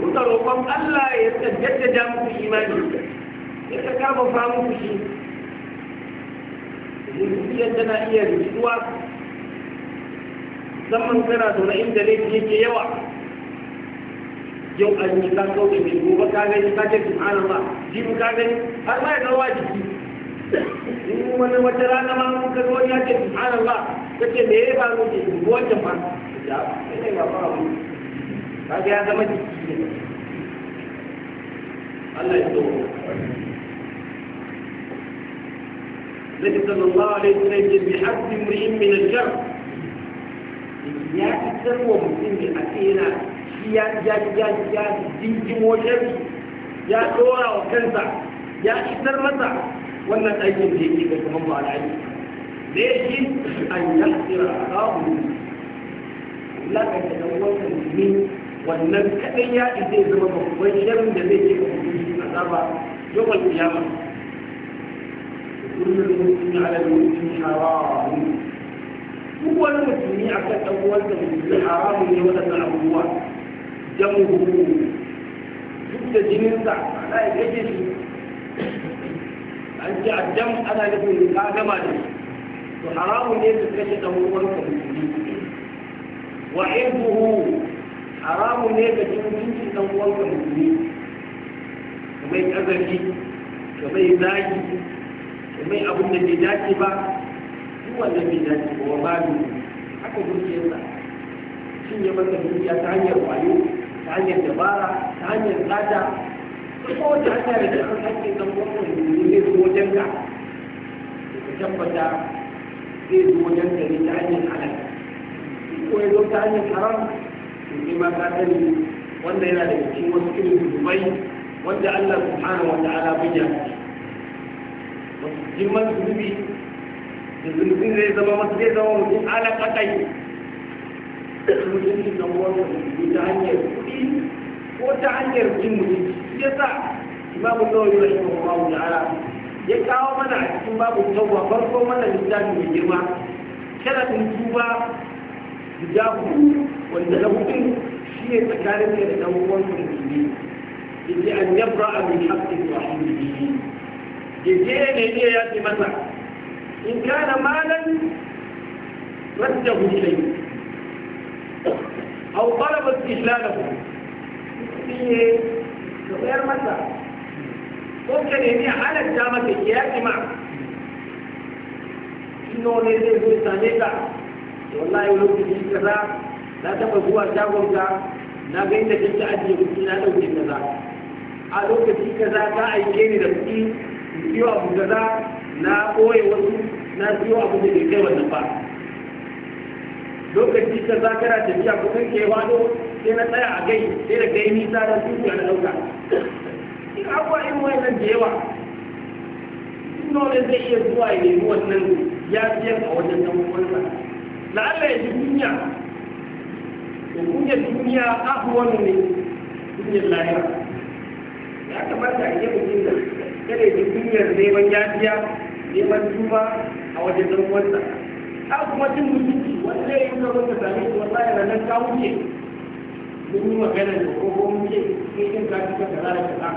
Muka roƙon Allah ya jaddada muku imani ya ta kama fa muku shi zuciyar tana iya rikuwa musamman tana zaune inda laifi yake yawa yau an yi ka kauce mai gobe ka gani ka ce subhanallah mu ka gani har ma ya zama jiki in wani wata rana ma mun ka wani ya ce subhanallah ka ce me ya faru ne wanda fa da ne ba faru ka ga ya zama jiki كده الله يستوى النبي صلى الله عليه وسلم بحسب امرئ من الشر ya ci sarwa mutum ne a tsena shi ya ya ya ya jinjimo shari ya dora wa kansa ya isar masa wannan aikin da yake ga kuma ba alhaji da ya shi an yasira a kawo lakanta ɗan wasan mutum wannan kaɗai ya ita zama babban shirin da zai ke kuma a zaba yawan kiyama kullum mutum ya ala da mutum haramun duk wani mutumi a kan ɗan uwansa mutum haramun ne waɗannan abubuwa jan hukumu duk da jininsa ana ya kake shi an ce addam ana nufin ka gama da shi to haramun ne su kashe ɗan uwansa mutumi wa ilmuhu haramu ne ga ji mutunci dan uwanka musulmi ka mai kazafi ka mai zagi ka mai abin da bai dace ba duk wannan bai dace ba wa ne haka dukiyarsa shin ya masa dukiya ta hanyar wayo ta hanyar dabara ta hanyar tsada ko ta hanya da ta hakkin dan uwanka musulmi zai zo wajen ka ka tabbata zai zo wajen ka ne ta hanyar halal ko ya zo ta hanyar haram ni ma ka sani wanda yana da cikin wasu irin zubai wanda Allah subhanahu wa ta'ala bai ya wasu jimman zubi da zunubin zai zama masu zai zama mutum ala kadai da mutuncin da wani mutum ta hanyar kuɗi ko ta hanyar jin mutum shi ya sa imamu nawawi rahimahullahu ta'ala ya kawo mana a cikin babu tawwa farko mana littafi mai girma sharadin tuba hijabu wanda na hudun shi ne tsakanin da ɗan uwan musulmi yace an yabra a min haqqin wa hudbihi yace ne ne ya ce masa in kana malan raddahu ilayhi aw talaba istihlalahu shi ka bayar masa ko ka nemi halatta masa ya ma ino ne zai zo same ka wallahi lokaci kaza na taɓa zuwa shagonka na ga inda kake ajiye kuɗi na ɗauke kaza a lokaci kaza ka aike ni da kuɗi in siyo abu kaza na ɓoye wasu na siyo abu da ke kai wannan ba lokaci kaza kana tafiya kan ke wado sai na tsaya a gai sai da gai nisa su tuka na ɗauka in abuwa irin wannan da yawa dole zai iya zuwa ya nemi wannan ya siyar a wajen ɗan uwansa la'alla ya ji duniya da kunyar duniya ahuwan ne kunyar lahira ya kamata a yi mutum da kada ya kunyar neman yafiya neman tuba a wajen dan wanda ka kuma cin mutunci wanda ya yi gaban ka sami shi wallahi yana nan ka wuce mun yi magana da ko ko mun ce sai kin ka ci ka kaza da kaza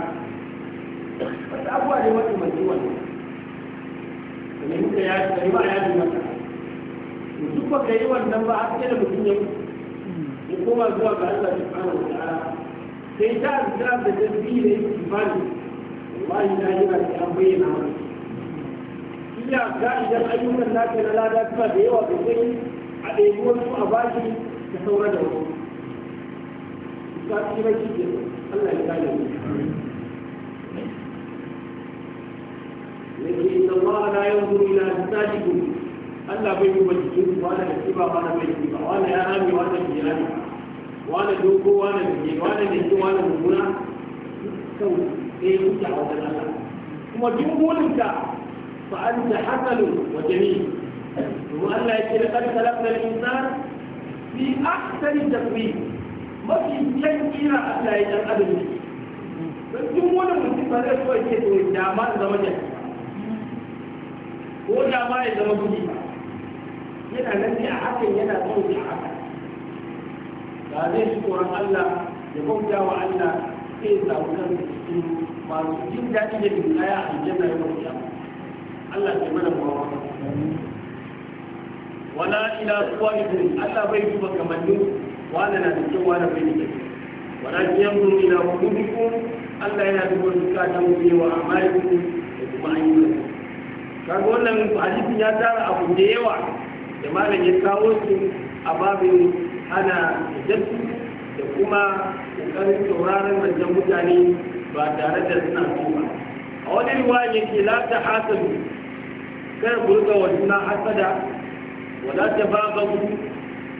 wata abuwa ne wata mai ne da ne muka ya ci ba ya ji maka mutum ba ka yi wannan ba a cikin mutum ya mutu ya koma zuwa ga Allah subhanahu wa ta'ala sai ta azkar da tasbih da istighfari wallahi da yana da an bayyana iya ga idan ayyukan naka na lada suna da yawa da sai a ɗebi wasu a baki da saura da wasu ta tsira kike Allah ya kare mu yake inna Allah la yanzuru ila ajsadikum Allah bai duba jikin ku wala da kiba wala bai kiba wala ya rami wala bai rami wane dogo wane mai wane mai yi wani mummuna kau sai wuce a wajen Allah kuma duk burinka fa anta hasalun wa jamil domin Allah ya ce da kan talafta al-insan fi ahsani taqwim mafi kyan kira Allah ya dan adam ne don duk wani mutum ba zai kawai ce to da ma zama jan ko da ma ya zama gudi yana nan ne a hakan yana son a hakan. ba zai shi tsoron Allah ya bauta wa Allah sai ya samu kansa cikin masu jin daɗi da jin kaya a aljanna ya bauta Allah ke mana mawa wala ila suwaikum Allah bai duba kamannin wala na da kyau wala bai da kyau wala yanzuru ila qulubikum Allah yana duba zukatan ku wa amalikum da kuma ayyukanku kaga wannan hadisin ya tara abu da yawa da malam ya kawo su a babin ana jaddu da kuma ƙoƙarin tauraron zancen mutane ba tare da suna so ba a wani ruwa yake la ta hasadu kada ku rika wa juna hasada wala ta babu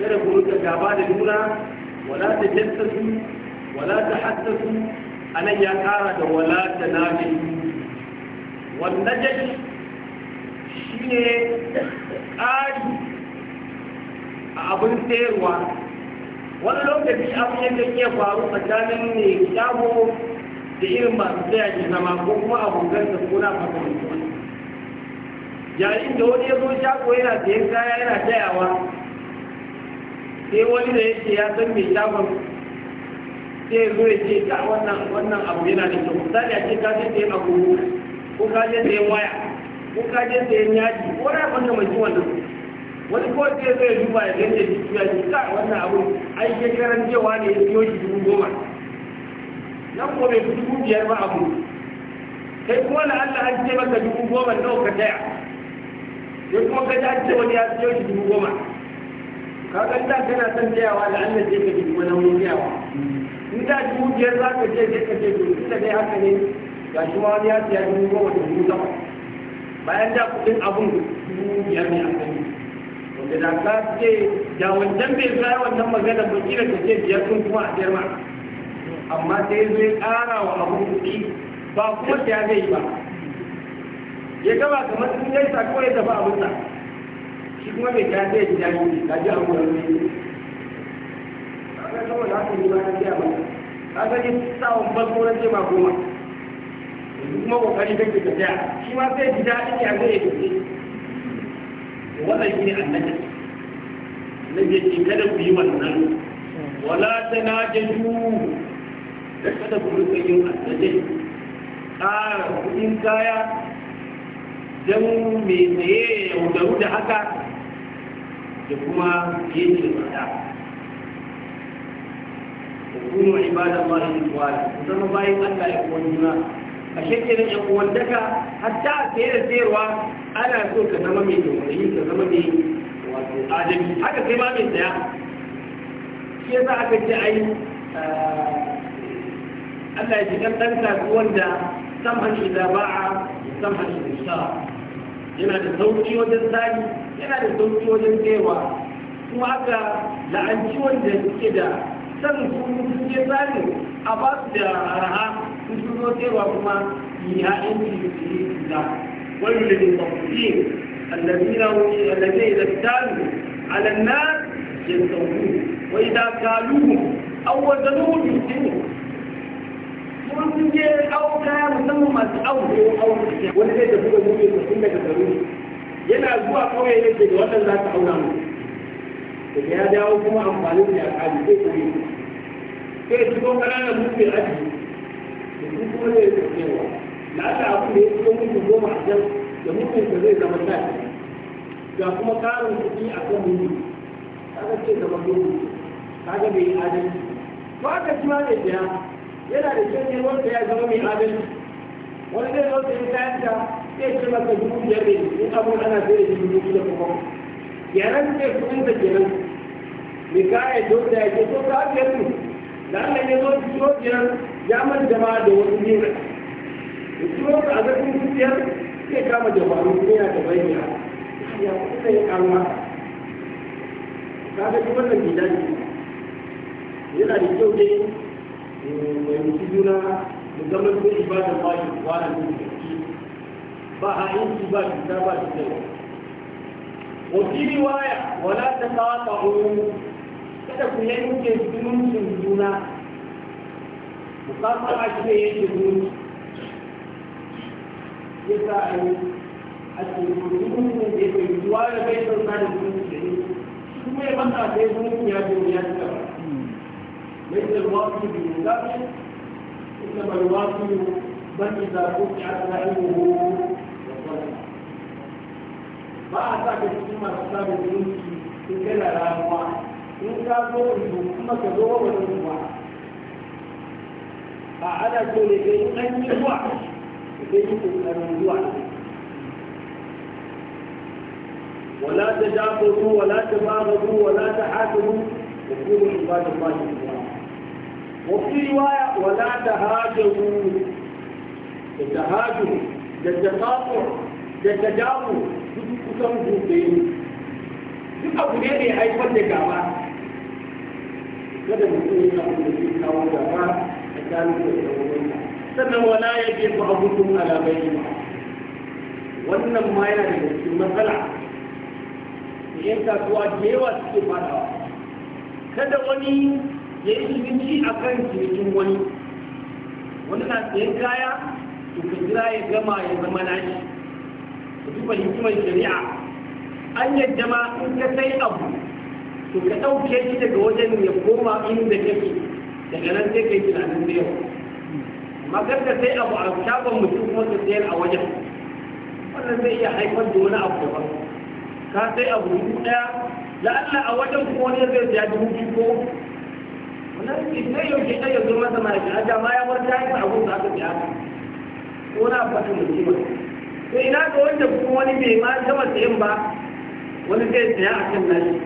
kada ku rika gaba da juna wala ta jassasu wala ta a anan ya kara da wala ta nafi wannan shi ne ƙari a abin sayarwa wani lokaci abin yadda ke faru tsakanin ne shago da irin masu tsaya ke zama ko kuma abokan da kuna da wani yayin da wani ya zo shago yana sayan kaya yana tayawa sai wani da yake ya san mai shagon sai zo ya ce ta wannan wannan abu yana da kyau misali a ce ka je sayan agogo ko kaje je sayan waya ko kaje je sayan yaji ko na abin da mai ciwon su wani ko sai zai duba ya gani da jiki ya jika wannan abu ai shekaran cewa ne ya siyo shi dubu goma nan ko bai dubu biyar ba abu kai kuma na Allah an ce maka dubu goma nawa ka taya sai kuma ka ji an ce wani ya siyo shi dubu goma ka ga da kana son tayawa da Allah ce ka goma kuma ya tayawa in da dubu biyar za ka ce sai ka ce dubu tunda dai haka ne ga shi ma wani ya siya dubu goma da dubu sama bayan da kudin abun dubu biyar ne a kai da da ka ce da wancan bai zai wannan magana ba kira ka ce biyar sun kuma a biyar ma amma sai zai ƙara wa abu kuɗi ba kuma ta yaga yi ba ya gaba kamar sun yi sako ya tafi abinsa shi kuma bai ta zai ji daɗi ka ji abu wani ne ka ga saboda haka ne ba ta ce abin ka ji tsawon farko na ce ma goma kuma kokari kake ka ja shi ma sai ji daɗi ya zai yi tafi wannan shi ne annabi annabi yake kada ku yi wannan wala tanajaju da kada ku rika yin annabi ƙara kuɗin kaya don mai tsaye ya hudaru da haka da kuma yin shirmata kunu ibada ma shi wala zama bayin Allah ya kuwan juna a shekarun yan uwan daga hatta sayar da sayarwa ana so ka zama mai tausayi ka zama mai wato adami haka kai ma mai tsaya shi yasa aka ce ai eh, Allah ya ji dan wanda kasuwan da samhan idza ba'a da idza yana da sauki wajen tsari yana da sauki wajen kaiwa kuma haka la'anci wanda suke da san sun suke tsari a ba su da raha sun zo kaiwa kuma yi ha'in da ويل للمطلوبين الذين الذين إذا اكتالوا على الناس يستوفون وإذا كالوهم أو وزنوهم يحسنون sun je musamman masu awo wani zai tafi da mutum ya tafi daga garin yana zuwa kawai ne da wannan za ta auna mu da ya dawo kuma amfanin da akali zai koyi sai su ko ya aji da su kuma ne ya tafi da aka abu da ya fito mutum goma a can da mutum ka zai zama sha ga kuma karin kuɗi a kan mutum kaga ce zama dole kaga bai yi adalci to aka ci ma da biya yana da kyau ne wanda ya zama mai adalci wani zai zo sai kayan ta zai ce maka dubu biyar ne in abun ana sai da dubu biyu da kuma yaran ce kuɗin da kenan mai kaya dole ya ce to ka biyar ne da Allah ya zo biyar ya manta jama'a da wasu biyar ciwo ka ga kun zuciyar sai kama dabaru ne y'a da bayyana ya kuka yi kalma ka ga duk wannan bidan yana da kyau dai mai mutu juna mu zama ko ibadar ba shi kwana ne ba a yanki ba shi ta ba shi da wasu riwaya wala ta kawo ta'uru kada ku yanke zumuncin juna ku kasa a shi ne yanke zumunci ya sa a yi a cikin da ya bai zuwa da bai son da mutum da ne kuma ya masa sai mutum ya zo ya ci gaba mai da wasu da ya zaɓe ita bai ban da zaɓo ya ta yi wuro da kwanta ba a sa ka cikin masu sa da zumunci kai da ramuwa in ka zo rubu kuma ka zo wa wani ruwa ba ana so ne dai an yi ruwa sai yi kokarin zuwa ولا تجابروا ولا تباغضوا ولا تحاسدوا وكونوا عباد الله إخوانا وفي رواية ولا تهاجروا التهاجر التقاطع التجاور duk kusan dutse duk abu ne mai haifar da gaba kada mutum ya samu da shi kawo gaba a tsarin da ya sannan wala ya je ku abudun alabai wannan ma yana da cikin matsala yan kasuwa da yawa suke fadawa kada wani ya yi zumunci a kan cinikin wani wani na sayan kaya to ka jira ya gama ya zama nashi ka duba hikimar shari'a an yadda ma in ka sai abu to ka ɗauke shi daga wajen ya koma inda kake daga nan sai kai tunanin da yau magar da sai abu a shagon mutum ko ta sayar a wajen wannan zai iya haifar da wani abu daban. ka sai abu dubu ɗaya la'alla a wajen ko ne zai siya dubu biyu ko wannan sai yaushe ɗaya zo masa mai shi aja ma ya bar jayin abun da aka siya ko na fata mutum to ina ga wanda kuma wani bai ma gama sayan ba wani zai siya a kan nashi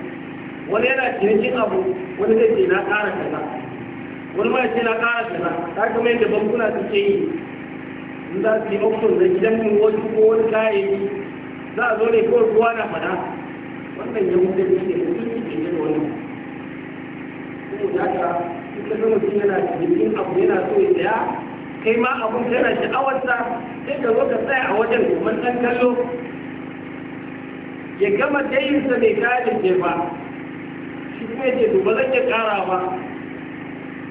wani yana cinikin abu wani zai ce na ƙara kaza wani ma ce na ƙara kaza ta kama yadda bankuna suke yi in za su yi auction da gidan mu wani ko wani kayayyaki za a zo ne kawai ruwa na fada wannan ya mutu ne da mutum ke yin wannan saboda haka in ka ga mutum yana jirgin abu yana so ya tsaya kai ma abun kana sha'awarsa sai ka zo ka tsaya a wajen kuma ɗan kallo ya gama dayinsa mai kayan da jefa shi kuma ya ce to ba zan iya ƙara ba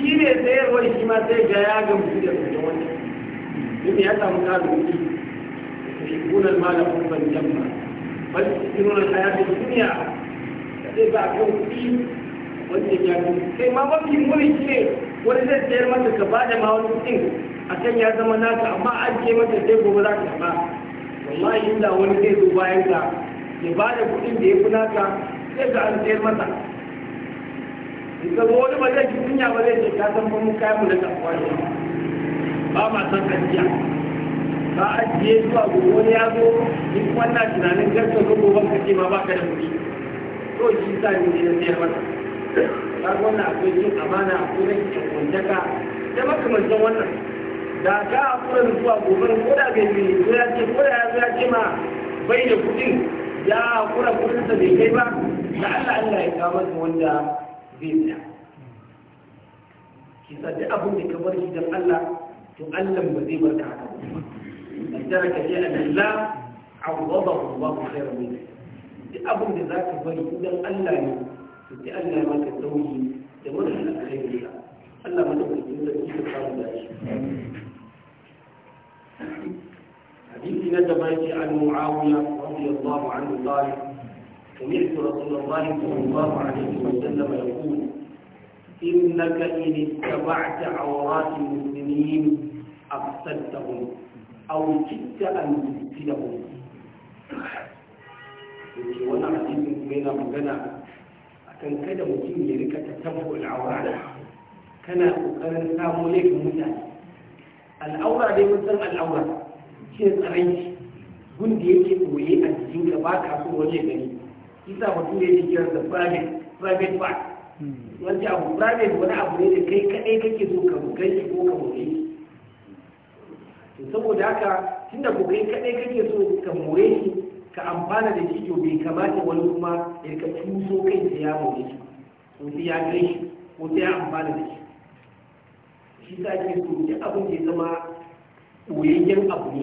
shi ne sayarwar shi ma sai ga ya ga mutu da mutu wani duk ya samu kalu mutu shi kunan malam kuban jamma wani cikin wani hayatun duniya da zai ba kan kuɗi wanda ya fi sai ma mafi muni shi ne wani zai sayar mata ka ba da ma wani kuɗin a kan ya zama naka amma an ce mata sai gobe za ka ba wallahi inda wani zai zo bayan ka ya ba da kuɗin da ya fi naka sai ga an sayar mata ka ba wani ba zai ki kunya ba zai ce ka san mun kai mu da kafuwa ne ba ma san kaciya ka ajiye zuwa gobe wani ya zo in wannan tunanin garka ga gobe ka ce ba ka da kuɗi to shi sa ni ne na sayar masa ka wannan akwai yin amana a akwai rashin kwanciyaka da makamancin wannan da ka a hakura zuwa gobe ko da bai bi ko ya ce ko da ya zo ya ce ma bai da kuɗin ya hakura kuɗinsa bai kai ba da Allah Allah ya kawo masa wanda zai tsaya ki abin da ka bar shi don Allah to Allah ba zai haka ka haka dan tara ka je an Allah awwadahu wa khairu min duk abin da za ka bari idan Allah ne to sai Allah ya maka tauhi da mutum alkhairi Allah madaukakin sarki ya samu da shi حديث ندب عن معاوية رضي الله عنه قال سمعت رسول الله صلى الله عليه وسلم يقول إنك إن اتبعت عورات المسلمين أفسدتهم أو جئت أن تفسدهم yake wani hadisin kuma yana magana kan kada mutum ya rika ta tabbul al'aura kana kokarin samu laifin mutane al'aura dai mun san al'aura shi ne tsaron gun da yake koye a jikin ka ba ka so waje gani isa mutum ne ji kiransa private private part hmm. wani abu private wani abu ne da kai kadai kake so ka bugan shi ko ka more shi to saboda haka tunda ko kai kadai kake so ka more shi ka amfana da shi to bai kamata wani kuma ya ka tuso kai da ya more shi ko sai ya kai shi ko sai ya amfana da shi shi sa ke so duk abin da ya zama ɓoyayyen abu ne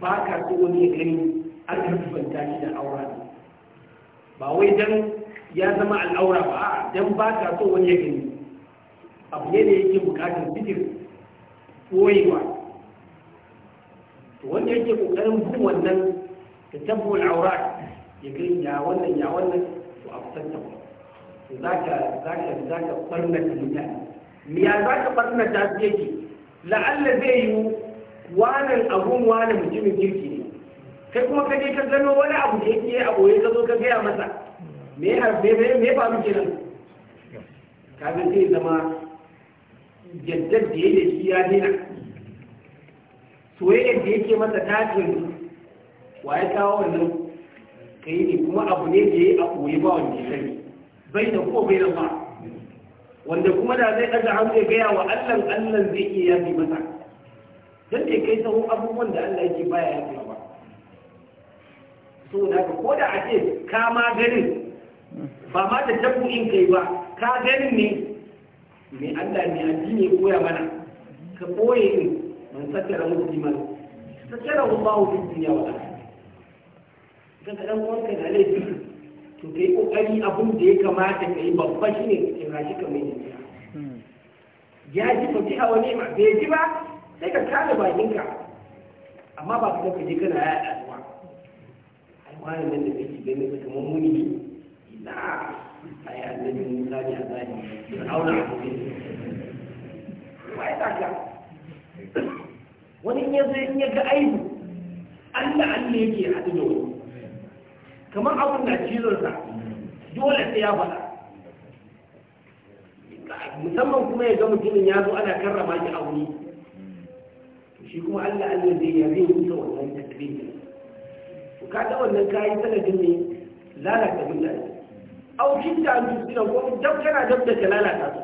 ba ka so wani ya gani an karfanta shi da aura ne ba wai dan ya zama al'aura ba dan ba ka so wani ya gani abu ne da yake bukatar sitir koyewa to wanda yake kokarin bin wannan ta tabbu al'aura ya gani ya wannan ya wannan to a kusan ta za ka za ka za ka farnata mutane me ya za ka farnata su yake la'alla zai yi wanan abun wanan mutumin kirki ne kai kuma ka je ka gano wani abu da yake a boye ka zo ka gaya masa me ya me faru kenan ka ga sai zama jaddar da yake shi ya dina soyayyar da yake masa ta tsoro wa ya kawo wannan kai ne kuma abu ne da ya a boye ba wanda ya sani bai da ko bai da ba wanda kuma da zai ɗaga hannu ya gaya wa allan allan zai iya yafi masa don da kai sahun abubuwan da allah yake baya yafi so da ko da a ce ka ma ganin ba ma da in kai ba ka ganin ne mai Allah ne addini koya mana ka koye ne man tattara musliman tattara ba fi duniya wa akhirah ka dan wanka da laifin to kai ƙoƙari abin da ya kamata ka yi babba shine ka rashi ka mai ya ji a wani ma bai ji ba sai ka kada bakinka amma ba ka je kana ya kwanan nan da kake ganin kamar muni ina a yi annabi musa ne a zani fir'auna a kuma wai ya ka wani iya ya zo in ya ga aibu Allah Allah yake a da wani kamar abun na cizonsa dole sai ya faɗa musamman kuma ya ga mutumin ya zo ana karrama shi a wuri shi kuma Allah Allah zai ya zai wuce wannan takbir ka ga wannan kayi sanadin ne lalata duniya ne aukin da an duniya ko dab kana dab da ta lalata su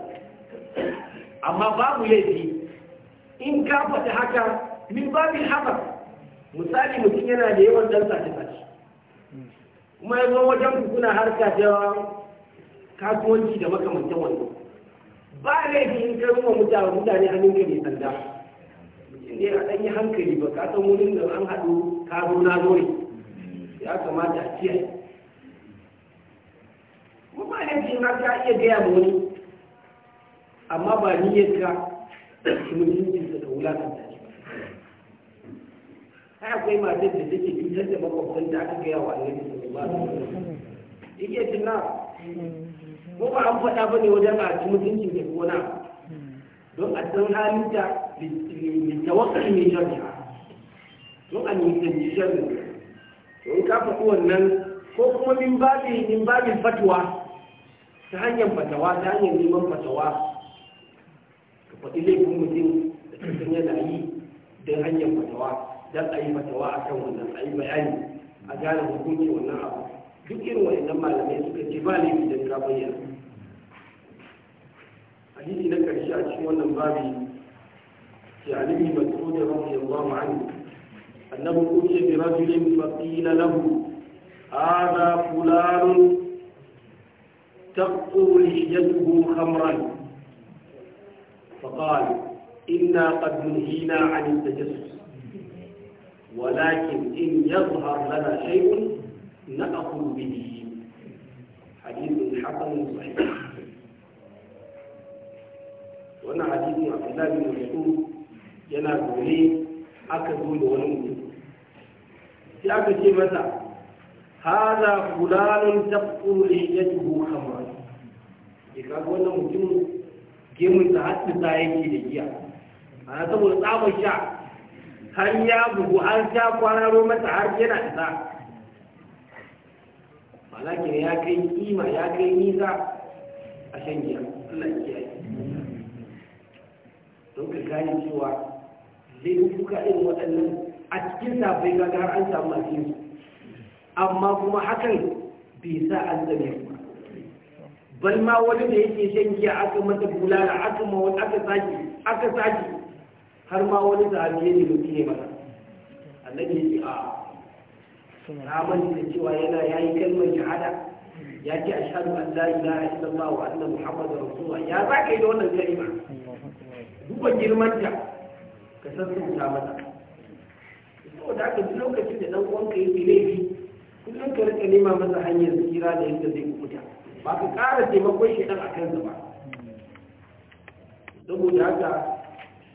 amma babu laifi in ka faɗi haka min babu haka misali mutum yana da yawan dan sace-sace kuma ya zo wajen kuna harka da kasuwanci da makamantan wannan ba laifi in ka ruwa mutane mutane hannun ka ne sanda ne a ɗanyi hankali ba ka san wurin da an haɗu ka zo na zo ne ya kamata a kiyaye kuma ba ne na ka iya gaya ma wani amma ba ni niyyar ka mutuncinsa da wulakanta shi ba akwai matar da take cutar da makwabtan da aka gaya wa annabi sallallahu alaihi wasallam iya tunna ko ba an faɗa ba ne wajen a ci mutuncin da gona don a san halin da littawakar mai shari'a don a nisanci shari'a in ka faɗi wannan ko kuma min babin min babin fatwa ta hanyar fatawa ta hanyar neman fatawa ka faɗi laifin mutum da kasan yana yi don hanyar fatawa don a yi fatawa a kan wannan a yi bayani a gane hukunci wannan abu duk irin waɗannan malamai suka ce ba laifi don ka bayyana hadisi na karshe a cikin wannan babi ya alibi mas'ud radiyallahu anhu أنه أتي برجل فقيل له هذا فلان تبقو لحيته خمرا فقال إنا قد نهينا عن التجسس ولكن إن يظهر لنا شيء نأخذ به حديث حسن صحيح وأنا حديث عبد الله بن مسعود yana zaune aka zo sai aka ce masa haza ya tafkuru lihiyatuhu khamran ke kaga wannan mutum gemun sa hadda ta yake da giya A na saboda tsawon sha har ya bugu har sha kwararo mata har yana isa malakin ya kai kima ya kai nisa a shan giya Allah ya yi. don ka gane cewa zai duka irin waɗannan a cikin sabai ga an samu a cikin amma kuma hakan bai sa an zane ba bal ma wani da yake shan giya aka mata bulala aka ma wani aka saki aka saki har ma wani sahabi ne mutum ne mata annabi ya ce a ramani da cewa yana yayi kalmar shahada ya ce ashhadu an la ilaha illallah wa anna muhammadar rasulullah ya za ka yi da wannan kalma duba girmanta ka sassauta mata saboda haka duk lokacin da dan uwanka yake laifi kullum ka rika nema masa hanyar tsira da yadda zai kuta ba ka ƙara taimakon shi dan akan ba saboda haka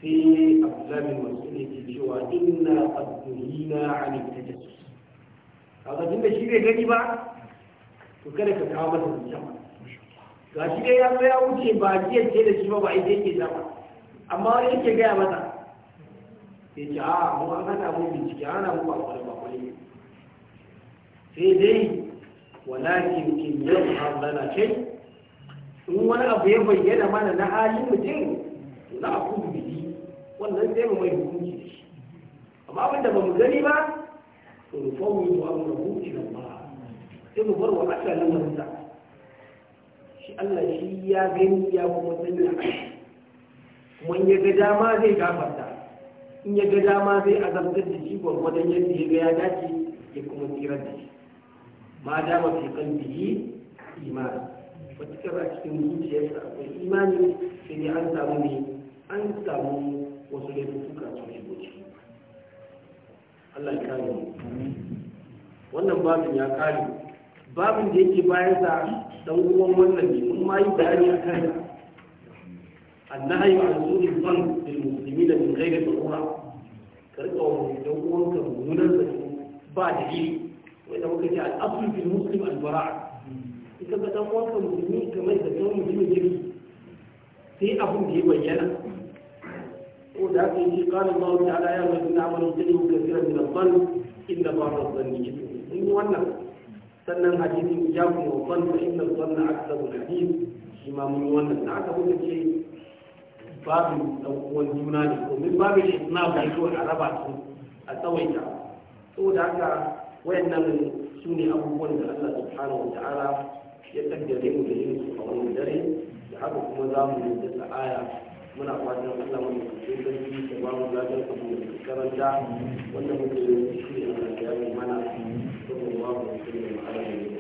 sai abdullahi masu ne ke cewa inna abdullina ta tajassus kaga da shi bai gani ba to kada ka kawo masa zuciya ga shi dai ya ya wuce ba jiya ce da shi ba ba ita yake zama amma wani yake gaya masa sai ce a mu an hana mu bincike ana mu bakwai bakwai sai dai walakin kin yau hamdana ce in wani abu ya bayyana mana na halin mutum na abu biki wannan sai mu mai hukunci da shi amma abin da ba mu gani ba to mu fawo mu abu da hukunci da ba sai mu bar wa aka lamarinsa shi Allah shi ya gani ya kuma sanya kuma ya ga dama zai gafarta in ya ga dama zai azabtar da shi gwargwadon yadda ya ga ya dace ya kuma tsirar da shi ma dama fi kalbihi imani wata a cikin zuciyarsa akwai imani sai dai an samu ne an samu wasu laifuka su ne goci Allah ya kare mu wannan babin ya kare babin da yake bayan sa dan uwan wannan ne mun ma yi bayani akan annahi an suri ban lil muslimina min ghairi darura karɓa wani don uwanka mummunan zato ba da dalili wanda muka ce al'asul fil muslim al-bara'a ita ka dan uwanka mummuni kamar da tsawon mutumin jirgi sai abin da ya bayyana ko da haka yake qala Allah ta'ala ya rabbi na amanu tadu kaseeran min al-dhann inna ba'd al-dhanni in wannan sannan hadisin ya kuma wannan fa inna al-dhanna aktharu al-hadith shi ma mun wannan da aka muka ce babu ɗan'uwan juna ne domin babu shi suna baito a raba su a tsawaita saboda haka wayannan su ne abubuwan da Allah subhanahu wa ta'ala ya kaddare mu da yin su a wani dare da haka kuma za mu yi da aya muna fatan Allah mu yi sarki da ba mu lafiya ku da karanta wanda muke yi shi ne Allah ya mana saboda ba mu da alamin